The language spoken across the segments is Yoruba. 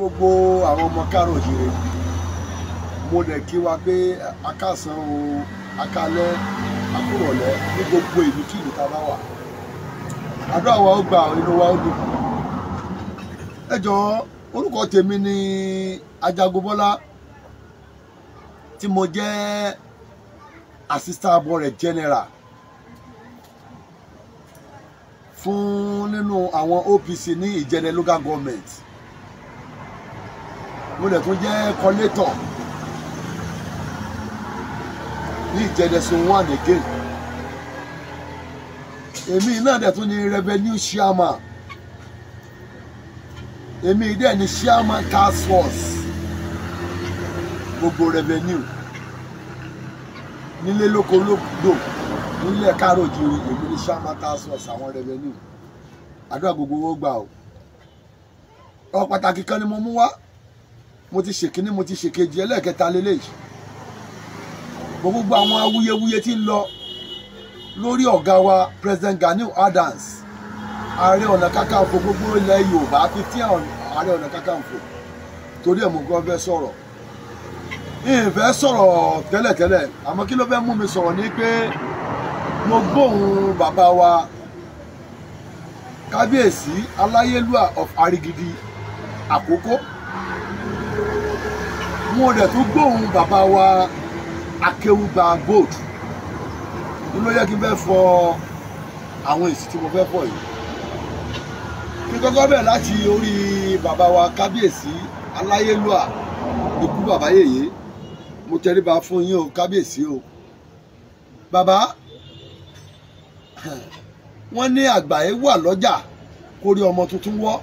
gbogbo àwọn ọmọ kárò òjìrè mo dẹ̀ kí wa pé akásán o akálẹ́ akúrọ̀lẹ́ ní gbogbo ìlú tí ìlú ta bá wà àdúrà wa ó gbà inú wa ó dùn ẹ jọ̀ọ́ orúkọ tèmi ni Ajagunbọ́lá tí mo jẹ́ assistant abọ́rẹ̀ general fún nínú àwọn OPC ní Ìjẹ̀dẹ̀ local government mo dẹ̀ tún jẹ́ kọ́létọ̀ ní ìjẹ́dẹ̀sùn one again èmi náà dẹ̀ tún ní revenue chairman èmi dẹ̀ ni chairman task force gbogbo revenue nílé lóko lódò nílé káàró jìrì èmi ni chairman task force àwọn revenue àdúrà gbogbo owó gbà o ọ pàtàkì kan ni mo mú wá mo ti ṣèkíní mo ti ṣèkejì ẹlẹ́ẹ̀kẹta lélẹ́yìí gbogbo àwọn awuyewuye tí ń lọ lórí ọ̀gá wa President Ganiu Adams ààrẹ ọ̀nà kakanfò gbogbo ilẹ̀ Yorùbá fifteen ààrẹ ọ̀nà kakanfò torí ẹ̀ mo gbọ́ fẹ́ sọ̀rọ̀ ìfẹ́ sọ̀rọ̀ tẹ́lẹ̀tẹ́lẹ̀ àmọ́ kí ló fẹ́ mú mi sọ̀rọ̀ ni pé mo gbóhùn bàbá wa kábíyèsí aláyélúwà of Arigidi àkókò mo dẹ̀ tún gbóhùn bàbá wa akéwùgbà gold ló yẹ kí n fẹ́ fọ àwọn èsì tí mo fẹ́ fọ yìí kí kọ́kọ́ bẹ̀ láti orí bàbá wa kábíyèsí aláyélúà ikú bàbá yèyé mo tẹríba fún yín o kábíyèsí o bàbá wọ́n ní àgbáyé wà lọ́jà kórí ọmọ tuntun wọ́.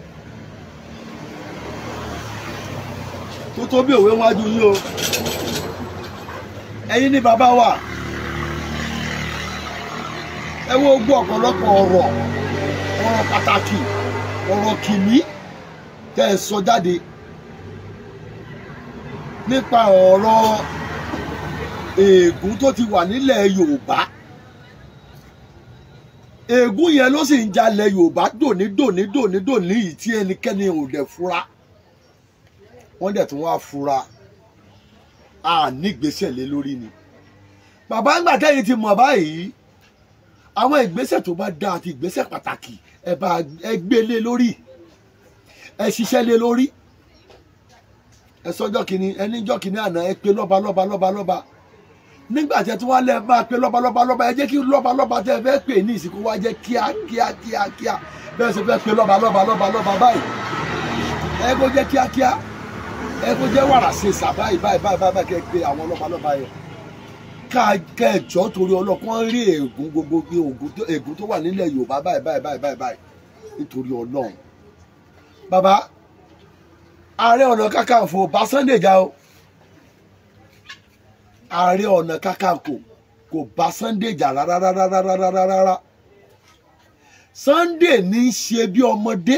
tó tó bí òwe wájú yín o ẹ̀yin ni bàbá wa ẹ wo gbọ́ ọ̀pọ̀lọpọ̀ ọ̀rọ̀ ọ̀rọ̀ pàtàkì ọ̀rọ̀ kìíní tẹ́ ẹ sọ jáde nípa ọ̀rọ̀ ègún tó ti wà nílẹ̀ Yorùbá ègún yẹn ló sì ń jalẹ̀ Yorùbá dòní dòní dòní dòní yìí tí ẹnikẹ́ni ò dẹ̀ fura wọ́n dẹ̀ tún wá fura a nígbésẹ̀ lé lórí ni bàbá ńgbà tẹ́yìn ti mọ̀ báyìí àwọn ìgbésẹ̀ tó bá dáa àti ìgbésẹ̀ pàtàkì ẹ bá ẹ gbé lé lórí ẹ ṣiṣẹ́ lé lórí ẹ sọjọ́ kìíní ẹ níjọ́ kìíní àná ẹ pé lọ́ba lọ́ba lọ́ba lọ́ba nígbà tí ẹ tún wá lẹ máa pé lọ́ba lọ́ba lọ́ba ẹ jẹ́ kí lọ́ba lọ́ba tẹ fẹ́ pè ní ìsìnkú wá jẹ́ kíá kíá kíá kíá bẹ́ẹ̀ sọ fẹ́ pé lọ́ba lọ́ba lọ́ba lọ́ba báyìí ẹ kó jẹ́ kíá kíá ẹ kó jẹ́ wàrà ṣe sà báyìí báyìí báyìí báyìí kẹ́ pé àwọn ọlọ́pàá lọ́ba yẹn kẹjọ torí ọlọ́kàn rí ègún gbogbo ègún tó wà nílẹ̀ Yorùbá báyìí báyìí báyìí báyìí báyìí nítorí Ọlọ́run bàbá Ààrẹ Ọ̀nà Kakanfò bá Sunday jà o Ààrẹ Ọ̀nà Kakanfò kò bá Sunday jà rárá rárá rárá rárá Sunday ní í ṣe bí ọmọdé.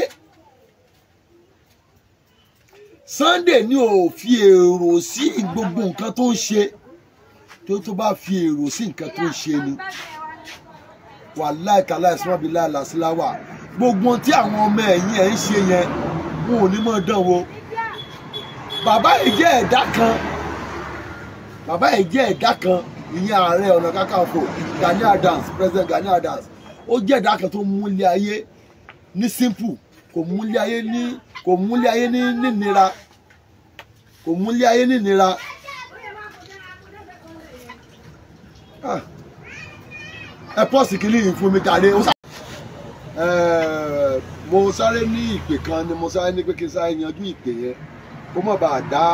Sunday ni ò fi èrò sí gbogbo nǹkan tó ń ṣe tó tó bá fi èrò sí nǹkan tó ń ṣe ni wàláì tàláì sọ́bí láìláṣíláwà gbogbo tí àwọn ọmọ ẹ̀yìn ẹ̀ ń ṣe yẹn wọn ò ní mọ̀ dán wo bàbá yìí jẹ́ ẹ̀dá kan bàbá yìí jẹ́ ẹ̀dá kan ìyẹn ààrẹ ọ̀nà kakanfò Gani Adams president Gani Adams ó jẹ́ ẹ̀dá kan tó mú ilé ayé ní simple kò múlé ayé ní kò múlé ayé ní nínira kò múlé ayé ní nínira. Ah. ẹ pọ́ọ̀sì kìíní yìí fún mi tàdé ó sá. Eh, mo sáré ní ìpè kan ni mo sáré ní pé kí n sáré yanjú ìpè yẹn kó má bàa dá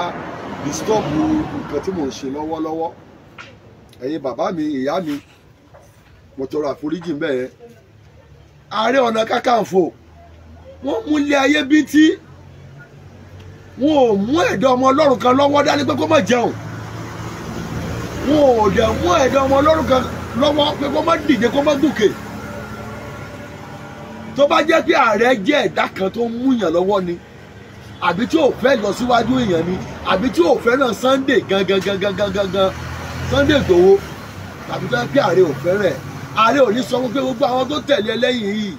dìstọ́ọ̀bù nǹkan tí mò ń ṣe lọ́wọ́lọ́wọ́ ẹ̀yin bàbá mi ìyá mi mo tọrọ àforíjì ń yẹn ààrẹ ọ̀nà kákàǹfò wọ́n mú ilé ayé bíntí wọn ò mú ẹ̀dọ̀ ọmọ ọlọ́run kan lọ́wọ́ dání pé kó má jẹun wọn ò dẹ̀ mú ẹ̀dọ̀ ọmọ ọlọ́run kan lọ́wọ́ pé kó má dìde kó má gòkè tó bá jẹ́ pé ààrẹ jẹ́ ẹ̀dá kan tó ń múyàn lọ́wọ́ ni àbí tí ò fẹ́ lọ síwájú èèyàn ni àbí tí ò fẹ́ràn Sunday gangan gangan gangan gangan Sunday Igboho tàbí tó yẹ pé ààrẹ ò fẹ́ràn ẹ̀ ààrẹ ò ní sọ wípé gbogbo àwọn tó tẹ̀lé ẹlẹ́yìn yìí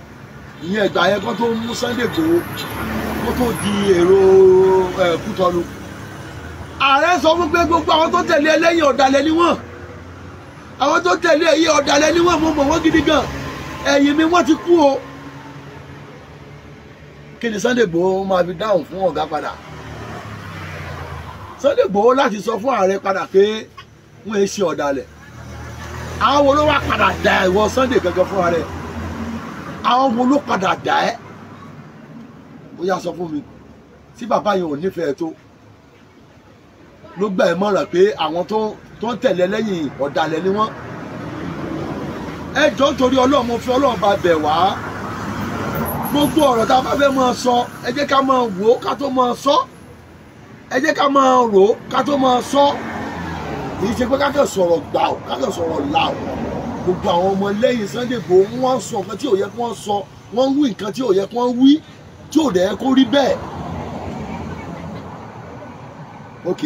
ìyẹn ìgbà yẹn kó tó mú Sunday Igboho kó tó di èrò Kútọ́nù ààrẹ sọ fún pé gbogbo àwọn tó tẹ̀lé ẹlẹ́yìn ọ̀dàlẹ̀ ni wọ́n àwọn tó tẹ̀lé ẹ̀yìn ọ̀dàlẹ̀ ni wọ́n mo mọ̀ wọ́n gidi gan ẹ̀yìn mi wọ́n ti kú o kí ni Sunday Igboho máa fi dáhùn fún ọ̀gá padà Sunday Igboho láti sọ fún ààrẹ padà pé wọ́n ń ṣe ọ̀dàlẹ̀ àwọn olówó padà dá ìwọ Sunday gangan fún ààrẹ àwọn wo ló padà dà ẹ́ ó yá sọ fún mi tí bàbá yẹn ò nífẹ̀ẹ́ tó ló gbà ẹ́ mọ̀ràn pé àwọn tó ń tẹ̀lé lẹ́yìn ọ̀dàlẹ̀ ni wọ́n ẹ jọ̀ọ́ nítorí ọlọ́run mo fi ọlọ́run bá bẹ̀ wá gbogbo ọ̀rọ̀ tá a bá fẹ́ máa sọ ẹ jẹ́ ká máa wò ó ká tó máa sọ ẹ jẹ́ ká máa rò ó ká tó máa sọ kì í ṣe pé ká kàn sọ̀rọ̀ gbà ó ká kàn sọ̀rọ̀ là gbogbo àwọn ọmọ lẹ́yìn Sunday Igboho wọ́n sọ nǹkan tí ò yẹ kí wọ́n sọ wọ́n wí nǹkan tí ò yẹ kí wọ́n wí tí ò dẹ̀ kó rí bẹ́ẹ̀. ok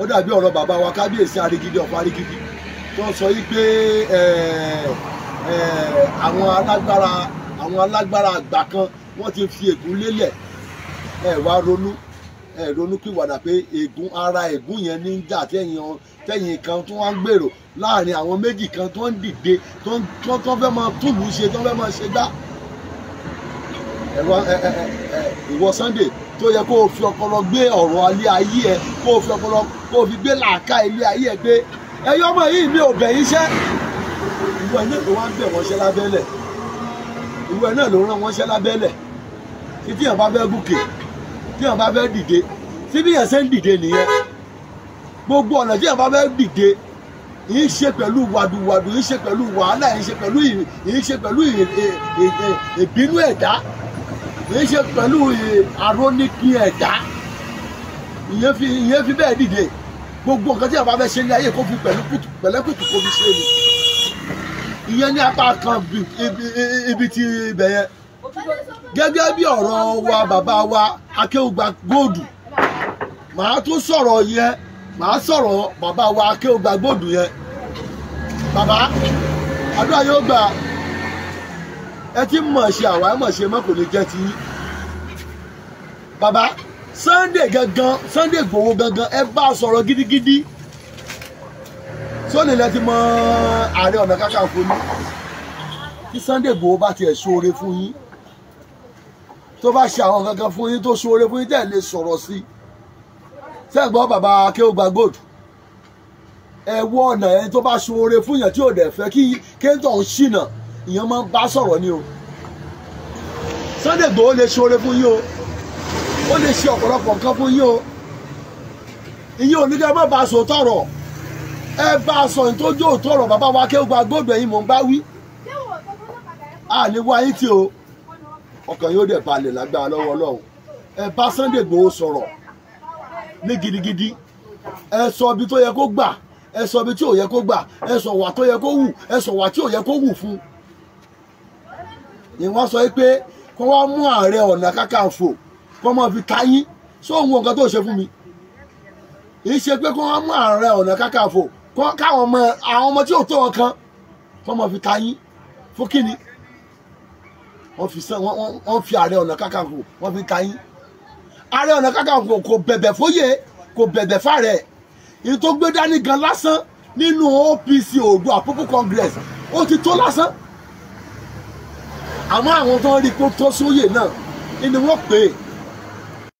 ó dàbí ọ̀rọ̀ bàbá wa kábíyèsí arigidi ọ̀pọ̀ arigidi tó sọ yìí pé àwọn alágbára àwọn alágbára àgbà kan wọ́n ti fi ègún lélẹ̀ ẹ̀ wá ronú ẹ̀ ronú pìwàdà pé ègún ara ègún yẹn ní jà tẹ̀yìn tẹ̀yìn kan tó wá ń gbèrò láàrin àwọn méjì kan tó ń dìde tó ń tó fẹ́ máa túbù ṣe tó fẹ́ máa ṣe dá ìwọ Sunday tó yẹ kó o fi ọpọlọ gbé ọ̀rọ̀ alẹ́ ayé ẹ kó o fi ọpọlọ kó o fi gbé làákà ilé ayé ẹ gbé ẹyọ ọmọ yìí mi ò bẹ̀ yín ṣẹ́ ìwọ náà ló wá ń bẹ̀ wọ́n ṣẹ́ lábẹ́lẹ̀ ìwọ náà ló rán wọ́n ṣẹ́ lábẹ́lẹ̀ tí tíyàn bá fẹ́ gùkè tíyàn bá fẹ́ dìde tí bíyàn ṣe ń dìde nìyẹn gbogbo ọ̀nà tí yẹn bá fẹ́ dìde yìí ṣe pẹ̀lú wàdùwàdù yìí ṣe pẹ̀lú wàhálà yìí ṣe pẹ̀lú yìí ṣe pẹ̀lú ìbínú ẹ̀dá yìí ṣe pẹ̀lú àrónìkì ẹ̀dá ìyẹn fi ìyẹn fi bẹ́ẹ̀ dìde gbogbo nǹkan tí yẹn bá fẹ́ ṣe ní ayé kó fi pẹ̀lú pẹ̀lẹ́kùtù kó fi ṣe ni ìyẹn ní apá kan ibi tí ibẹ̀ yẹn gẹ́gẹ́ bí ọ̀rọ̀ wa bàbá wa akéwùgbà góòdù màá tún sọ̀rọ̀ yẹn màá sọ̀rọ̀ bàbá wa Akéwùgbà Gbóòdù yẹn bàbá àdúrà yóò gbà ẹ ti mọ̀ ṣe àwa ẹ mọ̀ ṣe mọ́ kò lè jẹ́ ti bàbá Sunday gangan Sunday Igboho gangan ẹ bá a sọ̀rọ̀ gidigidi sóòlì lẹ ti mọ Ààrẹ Ọ̀nà Kakanfò ni tí Sunday Igboho bá tiẹ̀ ṣoore fún yín tó bá ṣe àwọn gangan fún yín tó ṣoore fún yín tẹ̀ lè sọ̀rọ̀ sí i sẹ́gbọ́n bàbá akéwògbà gold ẹ wọ ọ̀nà ẹni tó bá ṣoore fún yàn tí ò dẹ̀ fẹ́ kí kéńtọ̀ ń ṣìnà ìyẹn máa ń bá sọ̀rọ̀ ni o Sunday Igboho lè ṣoore fún yín o ó lè ṣe ọ̀pọ̀lọpọ̀ nǹkan fún yín o ìyẹn ò ní kẹ́ ẹ má bá a sọ tọ̀rọ̀ ẹ bá a sọ ní tó jó òtọ̀rọ̀ bàbá wa akéwògbà gold ẹ̀yin mò ń bá wí àníwá yín tí o ọkàn yóò dẹ̀ balẹ̀ lágbára lọ́wọ́ Ọlọ́run ẹ bá Sunday Igboho sọ̀rọ̀ ní gidigidi ẹ sọ ibi tó yẹ kó gbà ẹ sọ ibi tí ò yẹ kó gbà ẹ sọ wà tó yẹ kó wù ẹ sọ wà tí ò yẹ kó wù fún ni wọ́n sọ pé kó wá mú ààrẹ ọ̀nà kákàǹfò kó mọ̀ fi táyín sóhun nǹkan tó ṣe fún mi kìí ṣe pé kó wá mú ààrẹ ọ̀nà kákàǹfò káwọn ọmọ àwọn ọmọ tí ò tó wọn kan kó mọ̀ fi táyín fún kíni wọ́n fi ààrẹ ọ̀nà kákàǹfò wọ́n fi táyín ààrẹ ọ̀nà kakanfò kò bẹ̀bẹ̀ fóyè kò bẹ̀bẹ̀ fàrẹ èyí tó gbé dání gan lásán nínú OPC Oòduà People Congress ó ti tó lásán àmọ́ àwọn tó ń rí i pé tó sóyè náà ni wọ́n pè é